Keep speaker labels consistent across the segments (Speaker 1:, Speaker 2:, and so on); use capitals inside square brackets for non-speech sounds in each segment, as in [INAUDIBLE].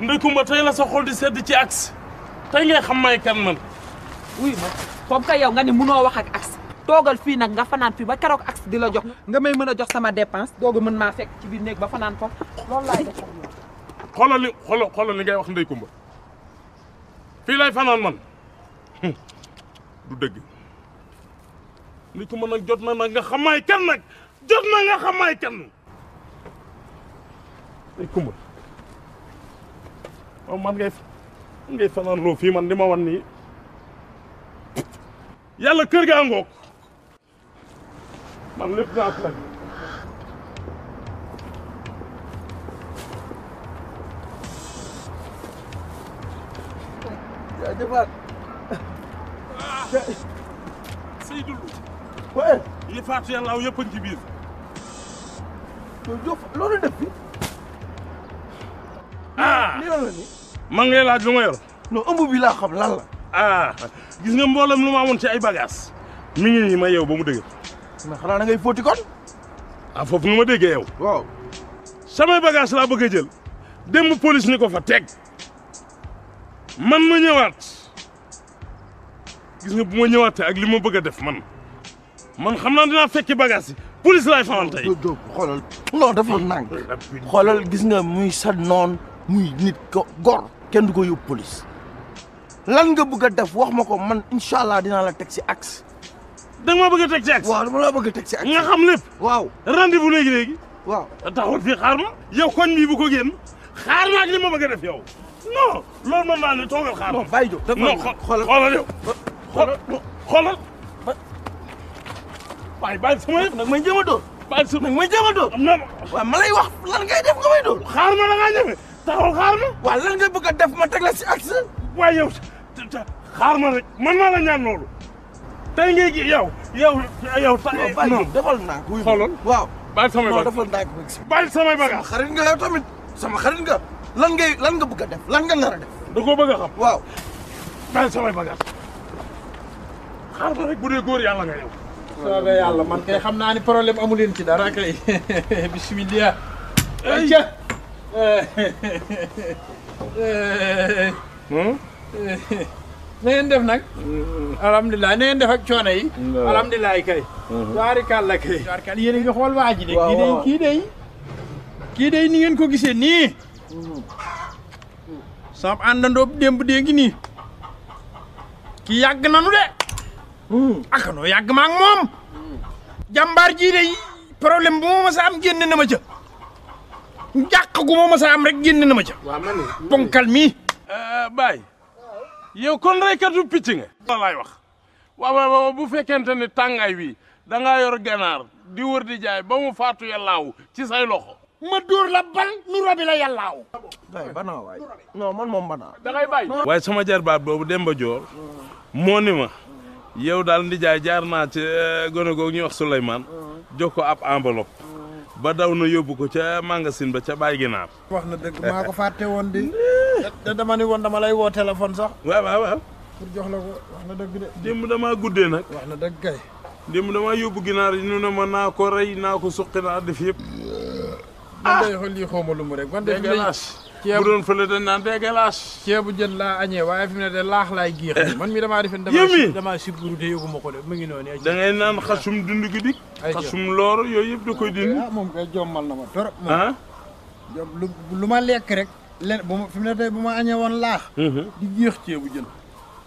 Speaker 1: Ndeye Coumba tey la sa xol di sedd ci axe tey ngay xam may kan man. wuy ma comme que yow nga ne mënoo wax ak axe toogal fii nag nga fanaan fii ba keroog axe di la jox nga may
Speaker 2: mën a jox sama dépense dooga mën maa fekk ci biir néeg ba fanaan ko loolu laay def
Speaker 1: xoolal li ngay wax Ndeye Coumba fii lay fanaan man du dëgg Ndeye nag jot na nag nga xam may kan nag jot na nga xam may kan man ngay man ngay fanaan loo man di ma wan nii yàlla kër gaa ngoog man lépp naa plan yaa jëfaat Seydou Lo faatu yàlla aw yëpp a ngi li lan man ngay laaj lu nga yor non ëmb laa xam lan la ah, gis nga mboolem lu ma amoon ci ay bagages mi ngi nii ma yow ba mu dëgër mais xanaa da ngay fóoti kon ah nga ma déggee yow waaw samay bagage laa bëgg a jël démb police ni ko fa teg man ma ñëwaat gis nga bu ma ñëwaatee ak li ma bëgg def man man xam naa dinaa fekki bagage yi police laay fanaan tey xoolal non dafa nang xoolal gis nga mu sa noon muy nit gor kenn du ko yóbbu police lan nga bëgg a def wax ma ko man incha allah dinaa la teg si axe. da nga ma bëgg a teg si waaw dama la bëgg a waaw rendez-vous léegi léegi. xaar ma. yow ko génn xaar ma ak li ma bëgg a def yow. non loolu man maa ne toogal xaar. non bàyyi jóg non xoolal xoolal may jéem a dóor. bàyyi may jéem a dóor. ma lay wax lan ngay def nga may dóor. xaar ma da ngaa ñeme. taxaw xaar ma. waaw lan nga bëgg a def ma teg la si axe. waaye yow xaar ma rek man maa la ñaan loolu. tey ngay gi yow yow yow. non defal naa ko. xooloon waaw. bàyyi samay bagage non defal naa ko. bàyyi samay bagage. xarit nga yow tamit sama xarit nga lan ngay lan nga bëgg a def lan nga nar a def. da koo bëgg a xam. waaw. bàyyi samay bagage.
Speaker 2: xaar ma rek bu dee góor yàlla nga yow. soobee yàlla man kay xam naa ni problème amu leen ci dara kay [LAUGHS] bisimilah. ayca. Hmm? na ngeen def nag. Hmm. alhamdulilah na ngeen def ak coono yi. alhamdulilah kay. tabaarkalla hmm. kay. tabaarkalla yéen a ngi xool waa ji kii day kii ni ngeen ko gisee nii. sam àndandoo démb dee ngi nii. kii nanu de. akanoo yàgg ma ak moom. jàmbaar jii de problème bu ma mës a am na ma njàq gu ma mës a am rek génn na ma ca.
Speaker 1: waaw man de ponkal mi. Eh, Baye yow kon reykatu picc nga. loolu bu fekkente ne tàngaay wi danga yor ganaar di wër di jaay ba mu faatu yàllaaw ci say loxo. ma dóor la bal nu rabi la yàllaaw. Baye banaa man moom banaa. da ngay bàyyi. waaye sama jarbaat boobu Demba Joor moo ni ma yow daal di jaay jaar naa ci eh, gone googu ñuy wax Souleymane mm. jox ko ab enveloppe. ba daw na yóbbu ko ca magasin ba ca Baye Ginaar.
Speaker 2: wax na dëgg maa ko fàtte woon
Speaker 1: di. da dama ni woon dama lay woo téléphone sax. waaw waaw waaw.
Speaker 2: pour jox la ko wax na dëgg de.
Speaker 1: démb damaa guddee nag. wax na dëgg kay. démb damaa yóbbu ginaar yi ñu ne ma naa ko rey naa ko suqi naa def yëpp. ah man de lii xawma lu mu rek. bu doon
Speaker 2: fële dañ naan dégueulasse ceebu jën laa añee waaye fi ne de laax laay géex eh. man mi damaa defen
Speaker 1: dama damaa sécurité yëguma ko de mu ngi noonu da ngay naan xasum dund gi yooyu yëpp da koy dindi
Speaker 2: ah, moom kay jommal na ma torop ah? lu ma lekk rek len ma fi bu ma añee woon laax mhm. di géex ceebu jën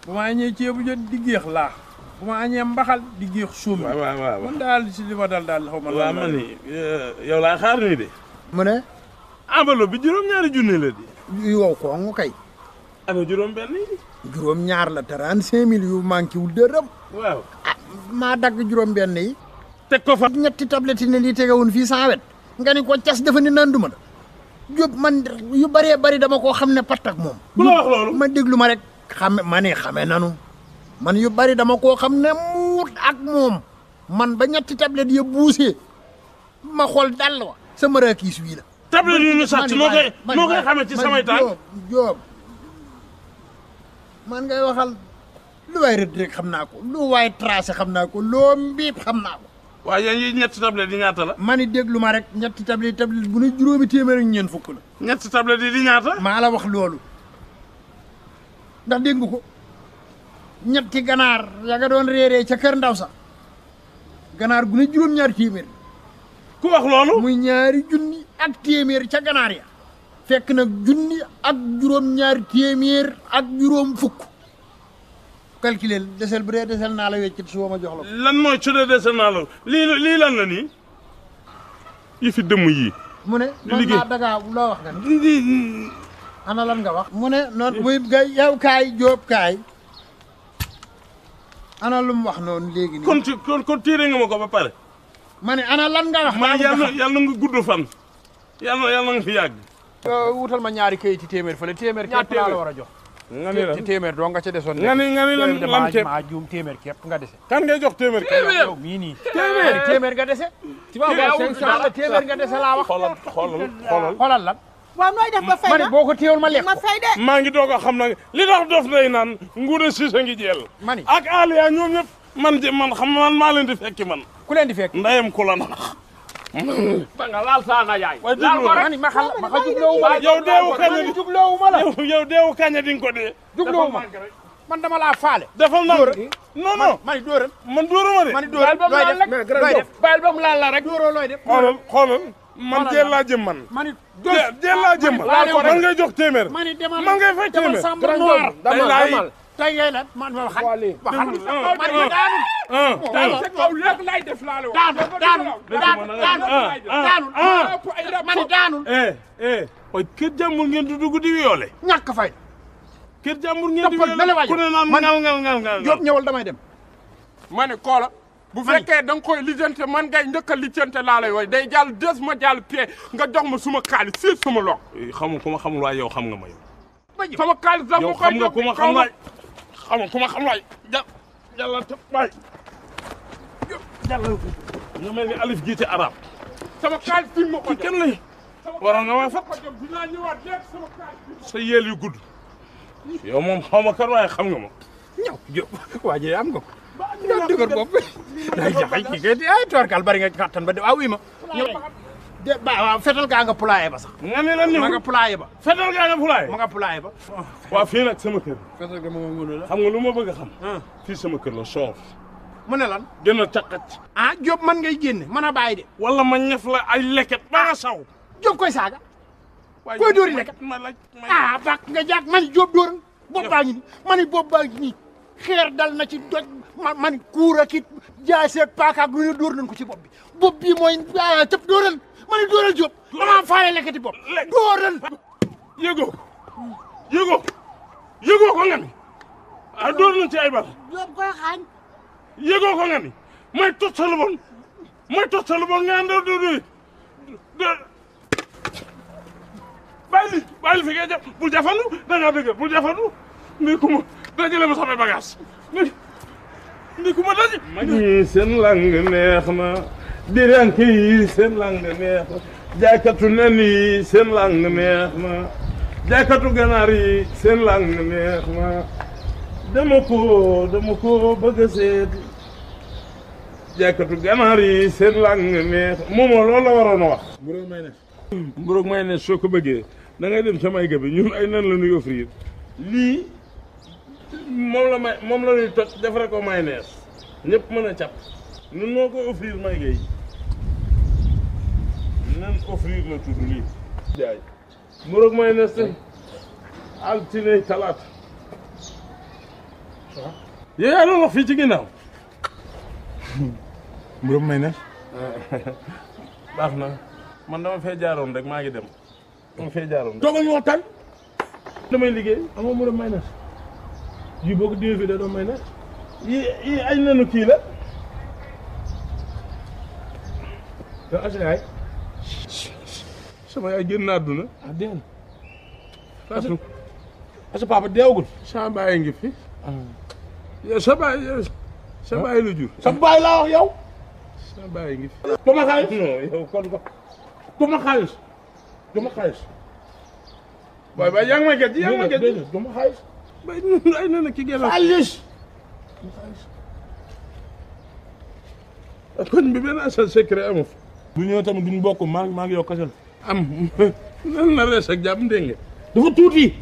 Speaker 2: bu ma añee ceebu jën di géex
Speaker 1: laax bu ma añee mbaxal di géex suum waaw waaw waaw man daal si li ma dal daal xaw ma waaw man ni eh, yow laa xaar nii de mu ne enveloppe bi juróom-ñaari junne la di.
Speaker 2: yu wow ko nga kay.
Speaker 1: ana juróom
Speaker 2: ñaar la trente-cinq mille yu manqué wul dërëm.
Speaker 1: waaw ah
Speaker 2: maa dagg juróom-benn yi. teg ko fa. ñetti tablette yi ne lii tegewun fii sans wet. nga ni ko cas dafa ni naan duma la. Diop yu bëree bëri dama koo xam ne patt ak moom. bu la ma déglu ma rek. xame ma ne xame nanu man yu bëri dama koo xam ne muut ak moom man ba ñetti tablette ya buusee ma xool dal wa sama rakiis wii la. table yu ñu sàcc noo koy noo koy xamee ci samay tànk Jóob man ngay waxal lu waay rëdd rek xam naa ko lu waay tracé xam naa ko loo mbiib xam naa ko
Speaker 1: waaw yéen yi ñetti tablette yi ñaata la
Speaker 2: mani ni déglu ma rek ñetti tablette tablette bu ne fukk la ñetti tablette yi di ñaata maa la wax loolu ndax dégg nga ko ñetti ganaar ya nga doon réeree ca kër ndaw sax ganaar gu ne juróom-ñaari téeméer ku wax loolu ak téeméer ca ganaar ya fekk nag junni ak juróom-ñaar téeméer ak juróom fukk calculeel desel bu dee desel naa la weccit suba ma jox
Speaker 1: la lan mooy su dee desel naa la lii lan la nii yi fi dëmm yii
Speaker 2: mu ne noonu naa dagaa loo wax nga ni ana lan nga wax mu ne noonu buy ga kaay jóob kaay ana lu mu wax noonu léegi nii kon
Speaker 1: kon kon tiire nga ma ko ba pare
Speaker 2: ma ne ana lan nga wax maa yàlla
Speaker 1: yàlla nga gudd fan yal na yal na nga fi
Speaker 2: euh, wutal ma ñaari këyit téeméer fële téeméer. ñaar téeméer képp laa la war a jox. nga ni téeméer doo nga ca desoon. nga ni nga ni lan lan képp maa juum téeméer képp nga dese. kan ngay jox téeméer. téeméer yow mii nii. téeméer téeméer nga dese. ci waaw waaw téeméer nga dese laa wax. xoolal
Speaker 1: xoolal xoolal xoolal lan.
Speaker 2: waaw nooy def ba ma ne
Speaker 1: boo ko téyewul ma lekk maa ngi doog a xam na li tax dof day naan nguuda Cissé ngi jeel mani ak Aliya ñoom ñëpp man man xam man maa leen di fekki man ku leen di fekk ndayam ku la [COUGHS]
Speaker 2: ba nga laal sa na yaay. waaye déglu ma ma xal ma xal
Speaker 1: jubloo ma la. yow deewu kañ di jubloo ma la. [LAUGHS] yow deewu kañ di nga ko dee. jubloo ma man dama laa faale. defal na non man dóoram. man dóorama de. man dóoram looy def looy def bàyyil ba mu laal la rek. dóoroo looy def. xoolal xoolal man jël laa jëm man. man it jël laa jëm man. man ngay jox téeméer. man
Speaker 2: it demal man ngay fay téeméer. demal sàmm noor. tey ngay lan man ma waxal waxal man daanu. Ah, ah. daanu lépp lay def laa la wax. daanu daanu daanu daanu man daanu. waaye
Speaker 1: eh, eh, kër jàmbur ngeen di dugg di yoole. ñàkk fay. kër jàmbur ngeen di yoole ku ne naan ngal ngal ngal ngal. Jóob ñëwal damay dem. ma ne koola. bu fekkee da nga koy lijjante man ngay njëkk a lijjante laa lay woy day jàll des ma jàll pie nga jox ma suma xaalis si suma loxo. Eh, xam nga ku ma xamul waaye yow xam nga ma yow. sama xaalis sax mu koy jox yow xam nga ku ma xam nga. xamoon ku ma xam waay ja jàlla te waay jàlla nga mel ni alif jiite arab sama kaay fi ma ko kenn lay waroon nga ma fa dinaa ñëwaat léegi sama kaay sa yeel yu gudd yow moom xaw ma kan nga ma ñëw ay toorkal bari nga kàttan ba de waaw ah, wi ma
Speaker 2: de ba waaw fetal gaa nga poulailler ba sax. nga ne lan ñëw nga poulailler ba. fetal gaa nga poulailler. ma nga poulailler ba. Ah,
Speaker 1: waaw fii nag sama kër. fetal ga moom ngunu la. xam nga lu ma bëgg xam. Ah. fii sama kër la soof. mu ne lan. dina caqat. ah Diop man ngay génne man a bàyyi de. wala ma ñaf la ay leket ba nga ah. saw.
Speaker 2: Diop koy saaga. waaye koy dóori leket ah bak nga jàpp man joob dóor. bopp baa ngi nii man bopp baa ngi nii xeer dal na ci doj. man man kuur ak it jaay seeg paaka ak lu ñu dóor nañ ko ci bopp bi bopp bi mooy ah tëb ma ne dóoral Diop. dama faale lekkati bopp. dóoral. yëgoo ko
Speaker 1: yëgoo ko yëgoo ko nga mi a ah, dóor nañu ci ay bal. Diop ko nga mi may tot sa lu bon may tot sa lu bon nga àndal li bàyyi li fi ngay jàpp bul jafandu da ngaa dëgg bul jafandu nii ku ma dajale ma samay bagage nii nii ku ma daji. ma seen lang neex na. birank yi seen lang neex na jaaykatu nen yi seen lang neex na jaaykatu ganaar yi seen lang neex na dama ko dama ko bëgg a seet jaaykatu ganaar yi seen lang neex moomoo loolu la waroon a wax mburoog may neex mburoog may soo ko bëggee da ngay dem samay ga bi ñun ay nen la ñuy offrir lii moom la may moom la ñuy toj defare ko mayonnaise ñëpp mën a càpp nun noo ko offrir may ga offrir la tudd lii jaay moroog may na si altine talaata yow yaa doon fii ci ginnaaw moroog may na baax na man dama fee jaaroon rek maa ngi dem dama fee jaaroon toogal ñu waxtaan damay liggéey amoo moroog may na yi boo ko diwee fii da may na yi yi añ nanu kii la yow asalaay sama yaay génn na àdduna. ah dégg nga. parce que papa deewagul. sa baay ngi fi. yow ah. sa baay sa baay la jur. sa baay laa wax yow. sa baay ngi fi. du ma xaalis. non yow kon ko du ma xaalis du ma xaalis. waaye waaye yaa ngi may gëj yaa ngi may gëj du ma xaalis. waaye ñun ay na ne ki gën a. xaalis. du ma xaalis. kon bi benn agent secret amu fa. du ñëw tamit duñ bokk maa maa ngi yow kasal am nan na rees ak jàmm dégg nga dafa tuuti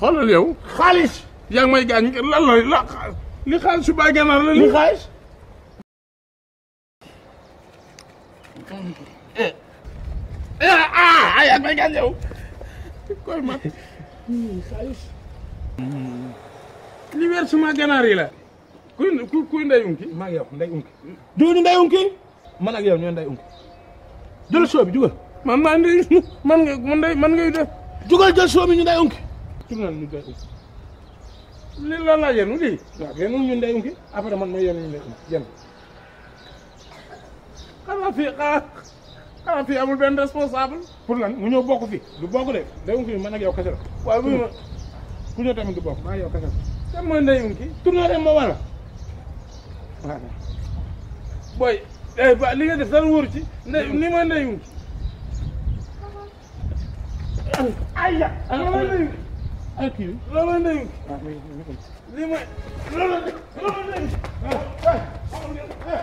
Speaker 1: xoolal yow xaalis yaa may gaañ lan la la li xaalis su bàyyi gànnaar li xaalis eh, ah, ah yaa ngi ma xaalis yi la kuy kuy ndey unki maa ngi yow ndey unki duñu ndey unki jël soo bi jugal. man maa ngi [LAUGHS] man nga man ngay def. jugal jël soo bi ñu day unki. jugal ñu day unki. li lan laa yenu lii. waaw yenu ñu day unki après man ma yenu ñu day unki yenu. xanaa fii xanaa fii amul benn responsable. pour lan mu ñëw bokk fi du bokk de day unki man ak yow kese la. waaw bu ma ku ñëw tamit du bokk maa yow kese la. mooy day unki tournée rek ma wala. booy. eh ba li nga def dara wóor ci ne ni ma ndeyu. aywa. looloo ah, ah, ndeyu. looloo ah, ndeyu. li ma looloo ndeyu.